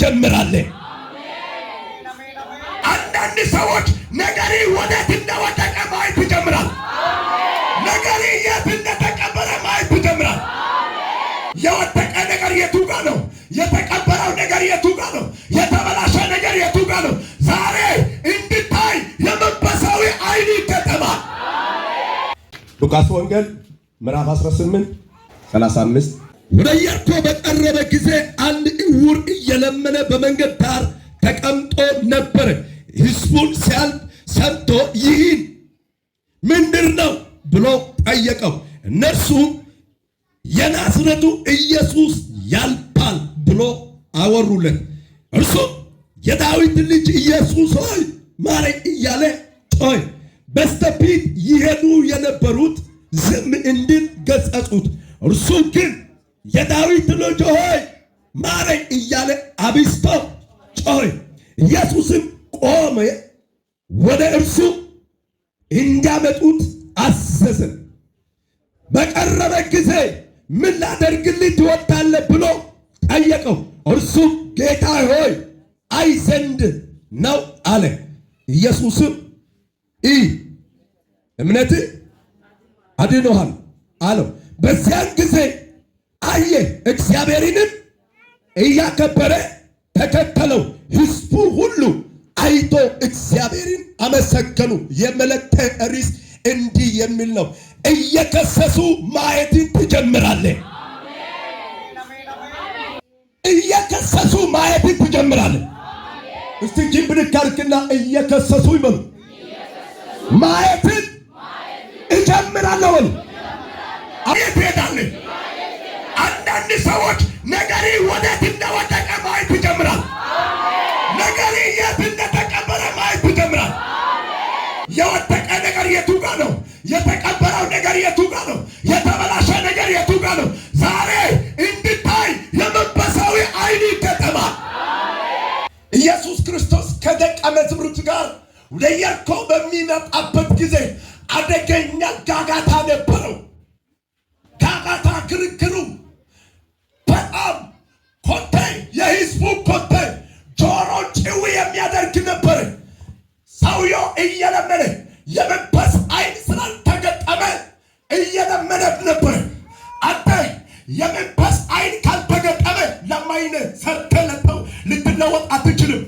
ትጀምራለህ። አንዳንድ ሰዎች ነገሬ ወዴት እንደወደቀ ማየት ትጀምራል። ነገሬ የት እንደተቀበረ ማየት ትጀምራል። የወደቀ ነገር የቱ ጋ ነው? የተቀበረው ነገር የቱ ጋ ነው? የተበላሸ ነገር የቱ ጋ ነው? ዛሬ እንድታይ የመንፈሳዊ አይን ይገጠማል። ሉቃስ ወንጌል ምዕራፍ 18 35 ወደ ኢያሪኮ በቀረበ ጊዜ አንድ እውር እየለመነ በመንገድ ዳር ተቀምጦ ነበረ። ህዝቡን ሲያልፍ ሰምቶ ይህን ምንድር ነው ብሎ ጠየቀው። እነርሱም የናዝረቱ ኢየሱስ ያልፋል ብሎ አወሩለት። እርሱም የዳዊት ልጅ ኢየሱስ ሆይ ማረኝ እያለ ጮኸ። በስተፊት ይሄዱ የነበሩት ዝም እንዲል ገጸጹት እርሱ ግን የዳዊት ልጅ ሆይ ማረኝ እያለ አብስቶ ጮኸ። ኢየሱስም ቆመ፣ ወደ እርሱ እንዲያመጡት አዘዘ። በቀረበ ጊዜ ምን ላደርግልኝ ትወዳለህ ብሎ ጠየቀው። እርሱም ጌታ ሆይ አይ ዘንድ ነው አለ። ኢየሱስም ኢ እምነት አድኖሃል አለው። በዚያን ጊዜ አየ እግዚአብሔርንም እያከበረ ተከተለው። ህዝቡ ሁሉ አይቶ እግዚአብሔርን አመሰገኑ። የመለተ ርዕስ እንዲህ የሚል ነው፣ እየከሰሱ ማየትን ትጀምራለህ። እየከሰሱ ማየትን ትጀምራለህ። እስቲ ጅን ብንካርክና እየከሰሱ ይበሉ ማየትን እጀምራለሁ። አቤት ሄዳለህ እነዚህ ሰዎች ነገሪ ወዴት እንደወደቀ ማየት ይጀምራል። ነገሪ የት እንደተቀበረ ማየት ይጀምራል። የወደቀ ነገር የቱ ጋ ነው? የተቀበረው ነገር የቱ ጋ ነው? የተበላሸ ነገር የቱ ጋ ነው? ዛሬ እንድታይ የመንፈሳዊ አይን ይገጠማል። ኢየሱስ ክርስቶስ ከደቀ መዛሙርቱ ጋር ወደ ኢያሪኮ በሚመጣበት ጊዜ አደገኛ ጋጋታ ነበረው። ጋጋታ ክርክሩ ህዝቡ ኮተን ጆሮ ጭው የሚያደርግ ነበር። ሰውየው እየለመነ የመንፈስ አይን ስላልተገጠመ እየለመነ ነበር። አንተ የመንፈስ አይን ካልተገጠመ ለማይነ ሰርተህ ለጠው ልትለወጥ አትችልም።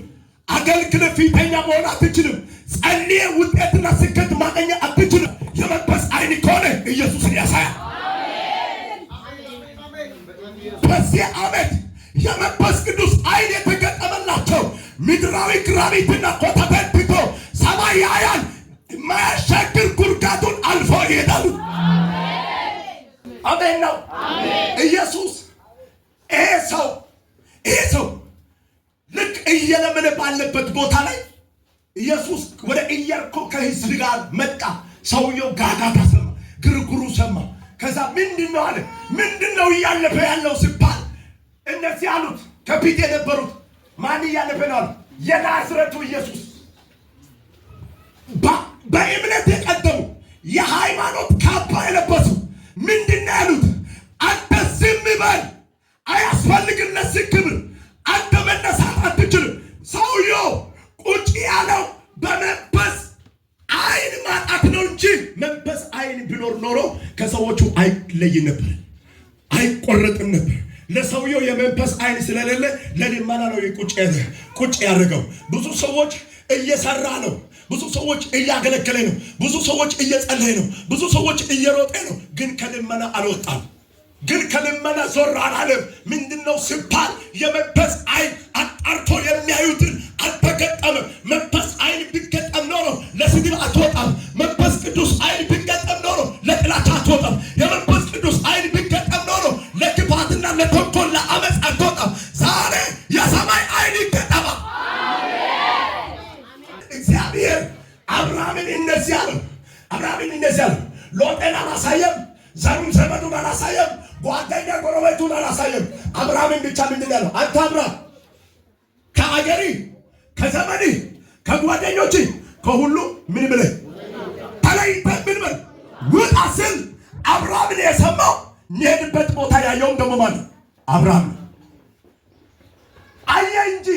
አገልግለ ፊተኛ መሆን አትችልም። ጸልዬ ውጤትና ስኬት ማገኘ አትችልም። የመንፈስ አይን ከሆነ ኢየሱስን ያሳያል። በዚህ ዓመት የመንፈስ ምድራዊ ግራቢትና ኮተተን ትቶ ሰማይ ያያል። ማያሻግር ጉርጋቱን አልፎ ይሄዳሉ። አሜን ነው ኢየሱስ። ይሄ ሰው ይሄ ሰው ልክ እየለመነ ባለበት ቦታ ላይ ኢየሱስ ወደ ኢያሪኮ ከህዝብ ጋር መጣ። ሰውየው ጋጋታ ሰማ፣ ግርግሩ ሰማ። ከዛ ምንድን ነው አለ። ምንድን ነው እያለፈ ያለው ሲባል እነዚህ አሉት፣ ከፊት የነበሩት ማን እያለፈ ነው አሉ የናዝረቱ ኢየሱስ በእምነት የቀደሙ የሃይማኖት ካባ የለበሱ ምንድን ነው ያሉት? አንተ ዝም በል፣ አያስፈልግም ለዚህ ክብር፣ አንተ መነሳት አትችልም። ሰውየው ቁጭ ያለው በመንፈስ አይን ማጣት ነው እንጂ መንፈስ አይን ቢኖር ኖሮ ከሰዎቹ አይለይ ነበር፣ አይቆረጥም ነበር። ለሰውየው የመንፈስ አይን ስለሌለ ለልመና ነው የቁጭ ቁጭ ያደረገው። ብዙ ሰዎች እየሰራ ነው። ብዙ ሰዎች እያገለገለ ነው። ብዙ ሰዎች እየጸለየ ነው። ብዙ ሰዎች እየሮጠ ነው። ግን ከልመና አልወጣም። ግን ከልመና ዞር አላለም። ምንድነው ሲባል የመንፈስ አይን ስም አብርሃምን የሰማው የሚሄድበት ቦታ ያየውም ደግሞ ማለት አብርሃም አየ እንጂ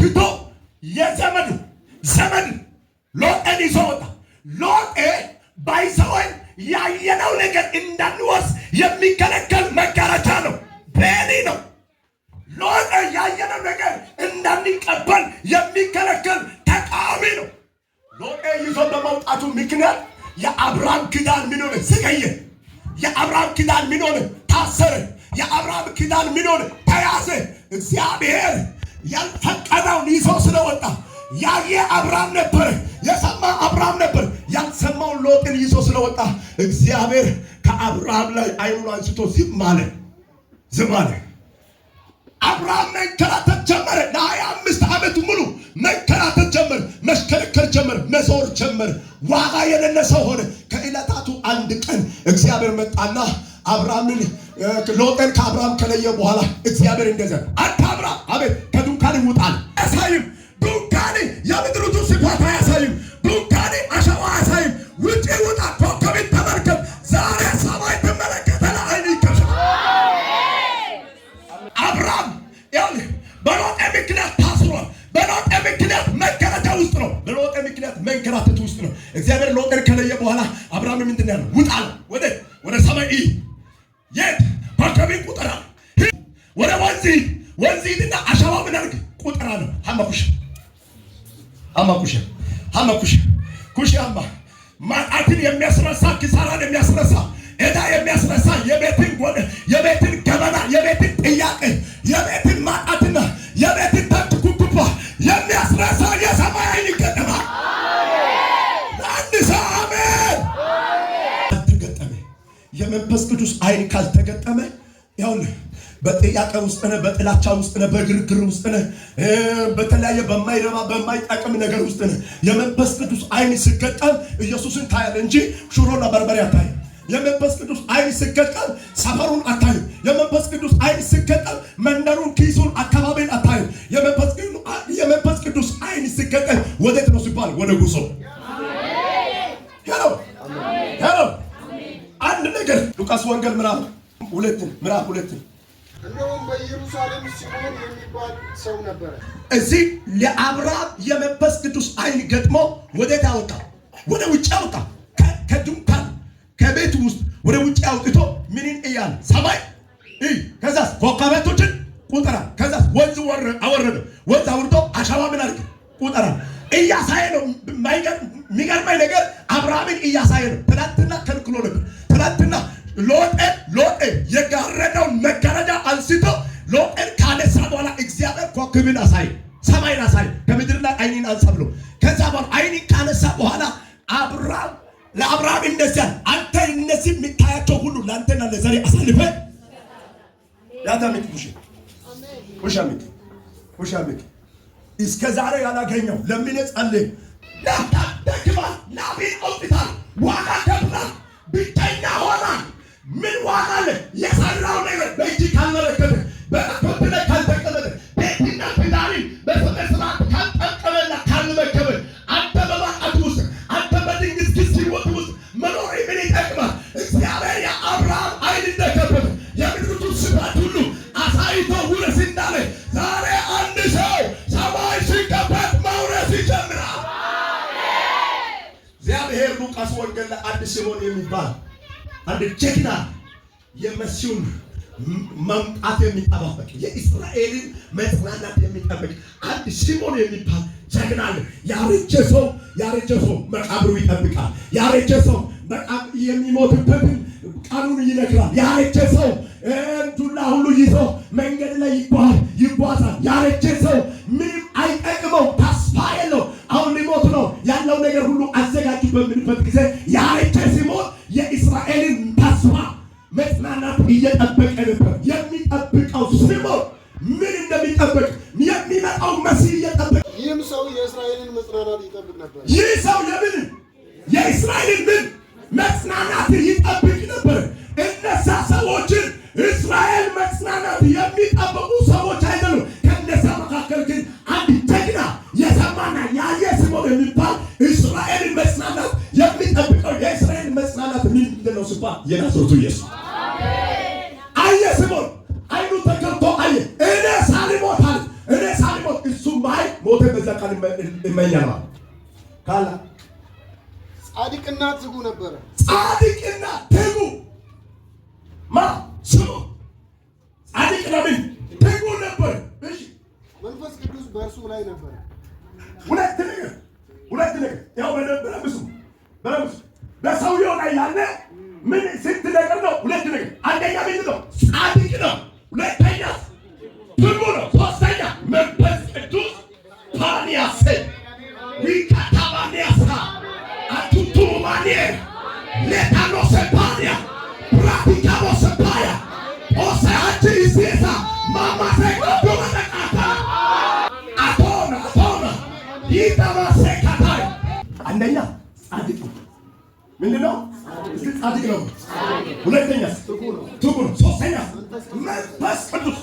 ትቶ የዘመዱ ዘመድ ሎጤን ይዞ ወጣ። ሎጤ ባይሰወን ያየነው ነገር እንዳንወርስ የሚከለከል መጋረጃ ነው፣ ቤሊ ነው። ሎጤ ያየነው ነገር እንዳንቀበል የሚከለከል ተቃዋሚ ነው። ሎጤ ይዞ በመውጣቱ ምክንያት የአብርሃም ኪዳን ምን ሆነ? ዘገየ። የአብርሃም ኪዳን ምን ሆነ? ታሰረ። የአብርሃም ኪዳን ምን ሆነ? ተያዘ። እግዚአብሔር ያልፈቀደውን ይዞ ስለወጣ ያየ አብርሃም ነበር፣ የሰማ አብርሃም ነበር፣ ያልሰማውን ሎጥን ይዞ ስለወጣ እግዚአብሔር ከአብርሃም ላይ አይኑን አንስቶ ዝም አለ። ዝም አለ። አብርሃም መንከራተት ጀመረ። ለሀያ አምስት ዓመት ሙሉ መንከራተት ጀመረ። መሽከርከር ጀመር፣ መዞር ጀመር። ዋጋ የሌለ ሰው ሆነ። ከዕለታቱ አንድ ቀን እግዚአብሔር መጣና አብርሃምን ሎጤን ከአብርሃም ከለየ በኋላ እግዚአብሔር እንደዘ አንተ አብርሃም አቤት ከዱንካን ይውጣል ያሳይም ዱንካን የምድሩቱ ስፋት አያሳይም። በመቃጠል ውስጥ ነህ፣ በጥላቻ ውስጥ ነህ፣ በግርግር ውስጥ ነህ፣ በተለያየ በማይረባ በማይጠቅም ነገር ውስጥ ነህ። የመንፈስ ቅዱስ አይን ሲገጠም ኢየሱስን ታያል እንጂ ሽሮና በርበሬ አታይም። የመንፈስ ቅዱስ አይን ሲገጠም ሰፈሩን አታይም። የመንፈስ ቅዱስ አይን ሲገጠም መንደሩን፣ ኪሱን፣ አካባቢን አታይም። የመንፈስ ቅዱስ አይን ሲገጠም ወዴት ነው ሲባል ወደ ጉዞ አንድ ነገር ሉቃስ ወንጌል ምዕራፍ ሁለት ምዕራፍ ሁለት እንደውም በኢየሩሳሌም ሲሞን የሚባል ሰው ነበረ። እዚህ ለአብርሃም የመንፈስ ቅዱስ ዓይን ገጥሞ ወዴት አወጣ? ወደ ውጭ አወጣ። ከድንኳን ከቤቱ ውስጥ ወደ ውጭ አውጥቶ ምንን እያለ ሰማይ ከዛስ ኮከቦችን ቁጠራ። ከዛስ ወንዝ አወረደ። ወንዝ አውርዶ አሸዋ ምን አድርግ ቁጠራ እያሳየ ነው። የሚገርመኝ ነገር አብርሃምን እያሳየ ነው። ትናንትና ከልክሎ ነበር። ትናንትና ሎጤ ሎጤ እስከ ዛሬ ያላገኘው ለምኔ ጸልይ። ላታ ደክማል፣ ላፊን ዋጋ ከፍላል፣ ብቸኛ ሆናል። ምን ዋጋ አለ? የሰራው ነገር በእጅ ካልመለከተ በመቶ አንድ ሲሞን የሚባል አንድ ጀግና የመሲሁን መምጣት የሚጠባበቅ የእስራኤልን መጽናናት የሚጠብቅ አንድ ሲሞን የሚባል ጀግና አለ። ያረጀ ሰው ያረጀ ሰው መቃብሩ ይጠብቃል። ያረጀ ሰው የሚሞትበትን ቀኑን ይነግራል። ያረጀ ሰው ዱላ ሁሉ ይዞ መንገድ ላይ ይጓዝ ይጓዛል። ያረጀ ሰው ምንም አይጠቅመው፣ ተስፋ የለው። አሁን ሊሞት ነው ያለው ነገር ሁሉ በምንበት ጊዜ ያሬቻ ሲሞት የእስራኤልን ተስፋ መጽናናት እየጠበቀ ነበር። የሚጠብቀው ሲሞት ምን እንደሚጠበቅ የሚመጣው መሲ እየጠበቀ ይህም ሰው የእስራኤልን መጽናናት ይጠብቅ ነበር። ይህ ሰው ለምን የእስራኤልን ምን መጽናናት ይጠብቅ ነበር? እነዛ ሰዎችን እስራኤል መጽናናት የሚጠብቁ ስማ የናዝሬቱ ኢየሱስ አየ። ስሞን አይኑ ተከፍቶ አየ። እኔ ሳልሞት አለ እኔ ሳልሞት እሱ ማይ ሞተ በዛ ቃል ይመኛል ካላ ጻድቅና ትጉ ነበረ። ጻድቅና ትጉ ማ ስሙ ጻድቅና ምን ትጉ ነበር። እሺ መንፈስ ቅዱስ በእርሱ ላይ ነበረ። ሁለት ነገር ሁለት ነገር ያው በደንብ በለምሱ በሰውየው ላይ ያለ ምን ስንት ነገር ነው? ሁለት ነገር። አንደኛ ምንድን ነው? ጻድቅ ነው። ሁለተኛ ትጉ ነው። ሶስተኛ መንፈስ ቅዱስ አቱቱማኔ አንደኛ ጻድቅ ምንድን ነው? ጻድቅ ነው። ሁለተኛ ትጉ ነው። ሶስተኛ መንፈስ ቅዱስ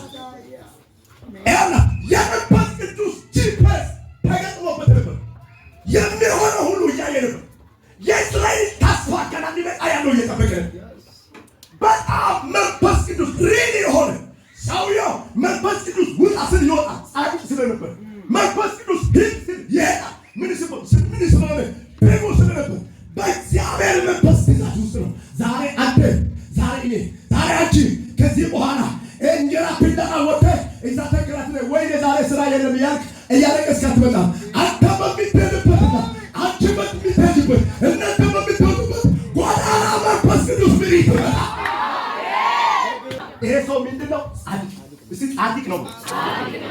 ጻድቅ ነው።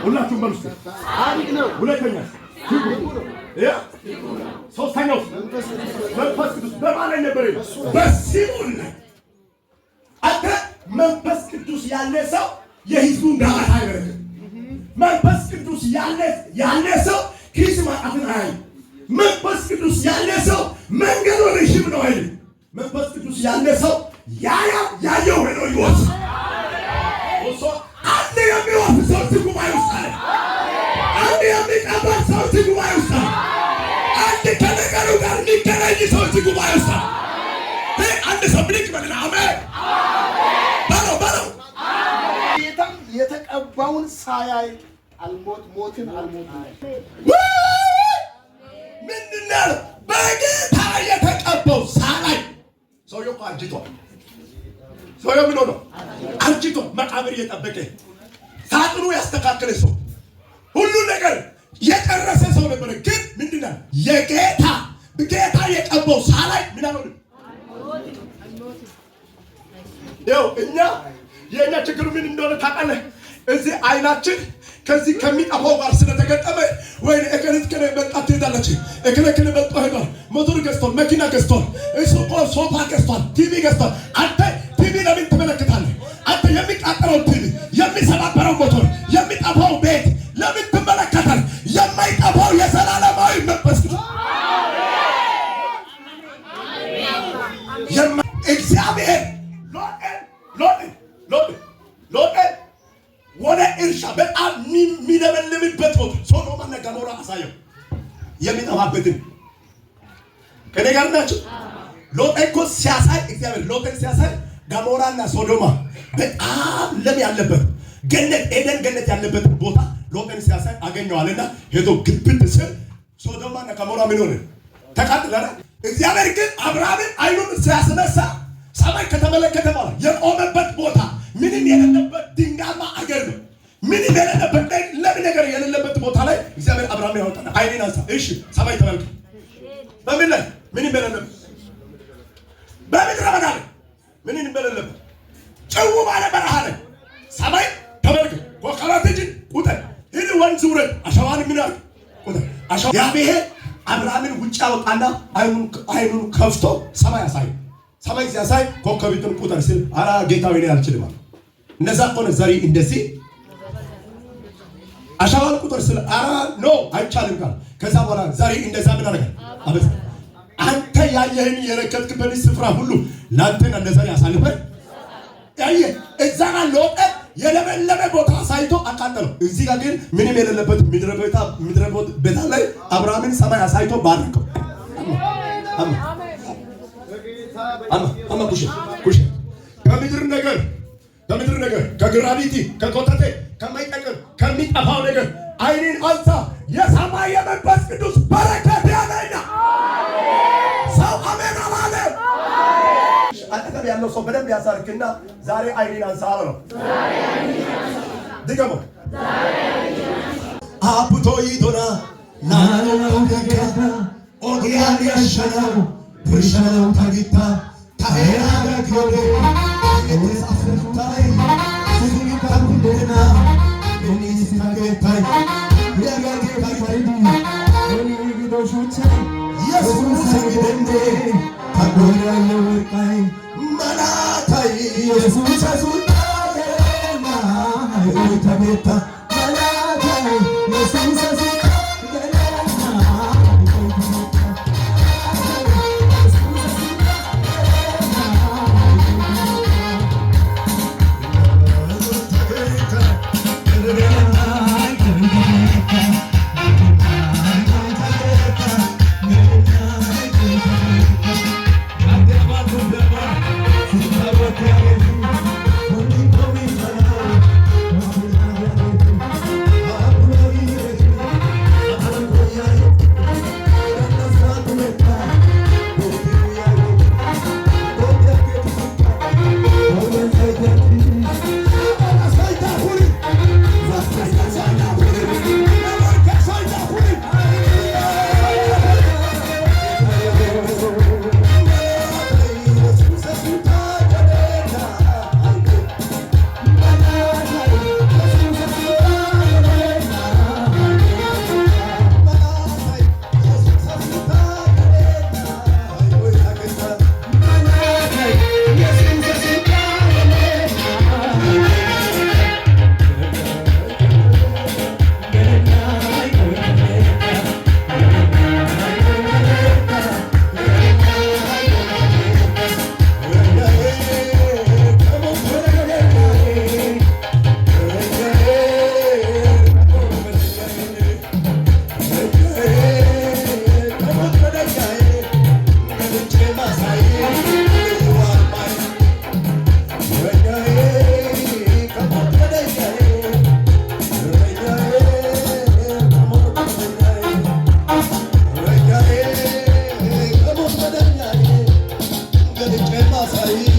ሁላችሁም በሉ ጻድቅ ነው። ሁለተኛ ያ ሶስተኛው መንፈስ ቅዱስ በማን ላይ ነበር? በስሙን አንተ መንፈስ ቅዱስ ያለ ሰው የህዝቡን ጋር አይደለም። መንፈስ ቅዱስ ያለ ያለ ሰው ኪስ ማጣትን አያይ። መንፈስ ቅዱስ ያለ ሰው መንገዱ ረጅም ነው አይደል? መንፈስ ቅዱስ ያለ ሰው ያያ ሰው እዚህ ጉባኤ ውስጥ አንድ ሰው አሜን በለው በለው። ጌታም የተቀባውን ሳያይ አልሞት ሞትን አልሞት ምንድን ነው በጌታ የተቀባው ሳላይ እኮ አርጅቷል። ምን ሆኖ አርጅቶ መቃብር እየጠበቀ ሳጥኑ ያስተካከለ ሰው ሁሉ ነገር የጨረሰ ሰው ነበረ። ግን ምንድን ነው የጌ አልቦ ሳላይ ምን አልሆንም። ይኸው እኛ የእኛ ችግሩ ምን እንደሆነ ታውቃለህ? እዚህ አይናችን ከዚህ ከሚጠፋው ጋር ስለተገጠመ ወይ እክልት ከነ መጣ ትሄዳለች። እክለ ክለ መጣ ሄዷል። ሞተር ገዝቷል፣ መኪና ገዝቷል፣ እሱ ቆ ሶፋ ገዝቷል፣ ቲቪ ገዝቷል። አንተ ቲቪ ለምን ትመለከታለህ? አንተ የሚቃጠለው ቲቪ፣ የሚሰባበረው ሞተር፣ የሚጠፋው እግዚአብሔር ሎጤን ወደ እርሻ በጣም የሚለመልምበት ቦታ ሶዶምና ገሞራ አሳየው። የሚጠፋበትን ከእኔ ጋር ናቸው። ሎጤ እኮ ሲያሳይ እግዚአብሔር ሎጤን ሲያሳይ ገሞራና ሶዶማ በጣም ለም ያለበት ገነት ኤደን ገነት ያለበት ቦታ ሎጤን ሲያሳይ አገኘዋልና ሄዶ ግብድ ስር ሶዶማና ገሞራ ምን ሆነ? ተቃጥለናል። እግዚአብሔር ግን አብርሃምን አይኑን ሲያስነሳ ሰማይ ከተመለከተ በኋላ የቆመበት ቦታ ምንም የሌለበት ድንጋማ አገር ነው። ምንም የሌለበት ላይ ለምን ነገር የሌለበት ቦታ ላይ እግዚአብሔር አብርሃም ያወጣል። አይኔን አንሳ፣ እሺ ሰማይ ተመልከ። በምን ላይ ምንም የሌለበት አይኑን ከፍቶ ሰማይ ያሳይ። ሰማይ ሲያሳይ ኮከቢቱን ቁጥር ስል አራ ጌታ ወይኔ አልችልም አለ። እንደዛ ከሆነ ዘሪ እንደዚህ አሻዋል ቁጥር ስል አራ ኖ አይቻልም ካለ ከዛ በኋላ ዘሪ እንደዛ ምን አደረገ? አበዛ አንተ ያየህን የረከጥክበት ስፍራ ሁሉ ለአንተን እንደ ዘሪ አሳልፈን ያየ እዛ ጋር የለመለመ ቦታ አሳይቶ አቃጠለው። እዚህ ጋር ግን ምንም የሌለበት ምድረ በዳ ላይ አብርሃምን ሰማይ አሳይቶ ባረከው። ከምድር ነገር ከምድር ነገር ከግራቪቲ ከቆተቴ ከማይጠቅም ከሚጠፋው ነገር አይኔን አንሳ። የሰማይ የመንፈስ ቅዱስ በረከት ያለና ሰው አሜን አላለ። አጠገብ ያለው ሰው በደንብ ያሳርክና ዛሬ አይኔን አንሳ አለው። ድገሞ አብቶ ይቶና ናኖ ደጋ ഒടിയാൻ യക്ഷണം ഭീഷണം തകിത്ത തയ്യാറാക്കിയോടെ አስረፍታይ ስግኝታን እንደገና እኔ ስታገታይ ያጋጌታ ፈሪዱ እኔ ግዶሾች ኢየሱስ እንግደንዴ ታጎያለ ወርቃይ መላታይ ኢየሱስ ሱልጣኔማ ተቤታ መላታይ ኢየሱስ passarinho